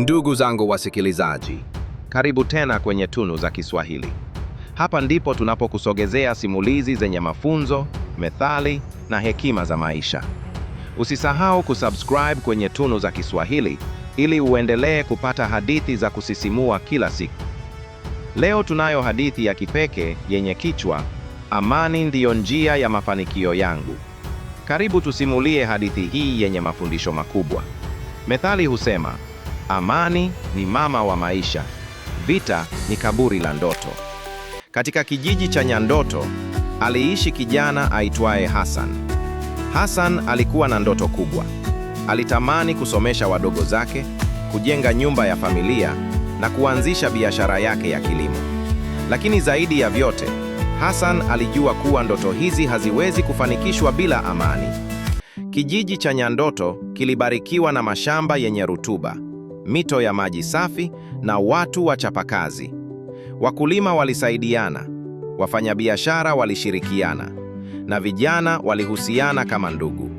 Ndugu zangu wasikilizaji, karibu tena kwenye Tunu za Kiswahili. Hapa ndipo tunapokusogezea simulizi zenye mafunzo, methali na hekima za maisha. Usisahau kusubscribe kwenye Tunu za Kiswahili ili uendelee kupata hadithi za kusisimua kila siku. Leo tunayo hadithi ya kipekee yenye kichwa Amani ndiyo njia ya mafanikio yangu. Karibu tusimulie hadithi hii yenye mafundisho makubwa. Methali husema Amani ni mama wa maisha, vita ni kaburi la ndoto. Katika kijiji cha Nyandoto aliishi kijana aitwaye Hassan. Hassan alikuwa na ndoto kubwa. Alitamani kusomesha wadogo zake, kujenga nyumba ya familia na kuanzisha biashara yake ya kilimo. Lakini zaidi ya vyote, Hassan alijua kuwa ndoto hizi haziwezi kufanikishwa bila amani. Kijiji cha Nyandoto kilibarikiwa na mashamba yenye rutuba mito ya maji safi na watu wachapakazi. Wakulima walisaidiana, wafanyabiashara walishirikiana na vijana walihusiana kama ndugu.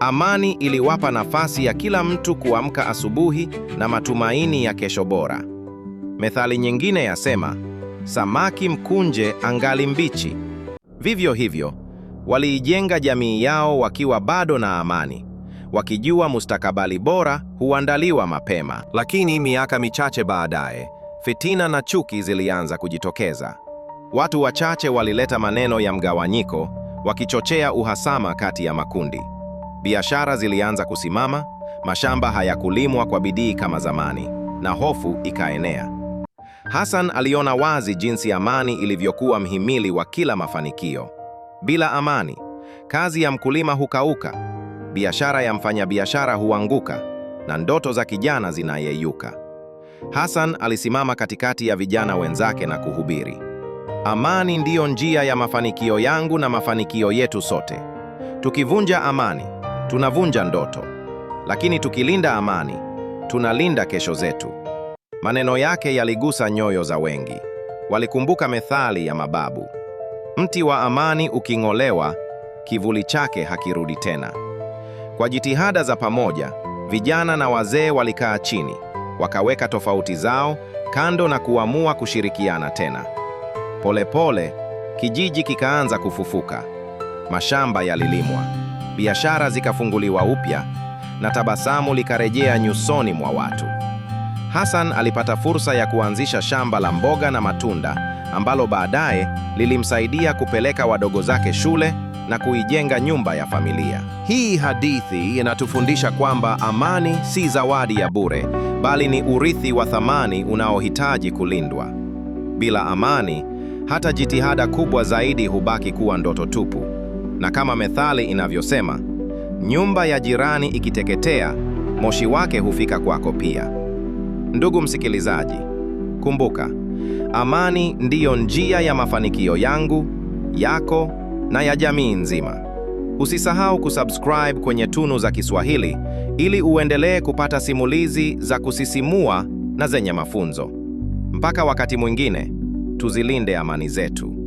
Amani iliwapa nafasi ya kila mtu kuamka asubuhi na matumaini ya kesho bora. Methali nyingine yasema, samaki mkunje angali mbichi. Vivyo hivyo, waliijenga jamii yao wakiwa bado na amani wakijua mustakabali bora huandaliwa mapema. Lakini miaka michache baadaye, fitina na chuki zilianza kujitokeza. Watu wachache walileta maneno ya mgawanyiko, wakichochea uhasama kati ya makundi. Biashara zilianza kusimama, mashamba hayakulimwa kwa bidii kama zamani, na hofu ikaenea. Hassan aliona wazi jinsi amani ilivyokuwa mhimili wa kila mafanikio. Bila amani, kazi ya mkulima hukauka, biashara ya mfanyabiashara huanguka na ndoto za kijana zinayeyuka. Hassan alisimama katikati ya vijana wenzake na kuhubiri, amani ndiyo njia ya mafanikio yangu na mafanikio yetu sote. Tukivunja amani, tunavunja ndoto, lakini tukilinda amani, tunalinda kesho zetu. Maneno yake yaligusa nyoyo za wengi. Walikumbuka methali ya mababu, mti wa amani uking'olewa, kivuli chake hakirudi tena. Kwa jitihada za pamoja, vijana na wazee walikaa chini, wakaweka tofauti zao kando na kuamua kushirikiana tena. Polepole pole, kijiji kikaanza kufufuka. Mashamba yalilimwa, biashara zikafunguliwa upya na tabasamu likarejea nyusoni mwa watu. Hassan alipata fursa ya kuanzisha shamba la mboga na matunda ambalo baadaye lilimsaidia kupeleka wadogo zake shule na kuijenga nyumba ya familia. Hii hadithi inatufundisha kwamba amani si zawadi ya bure, bali ni urithi wa thamani unaohitaji kulindwa. Bila amani, hata jitihada kubwa zaidi hubaki kuwa ndoto tupu. Na kama methali inavyosema, nyumba ya jirani ikiteketea, moshi wake hufika kwako pia. Ndugu msikilizaji, kumbuka, amani ndiyo njia ya mafanikio yangu, yako na ya jamii nzima. Usisahau kusubscribe kwenye Tunu za Kiswahili ili uendelee kupata simulizi za kusisimua na zenye mafunzo. Mpaka wakati mwingine, tuzilinde amani zetu.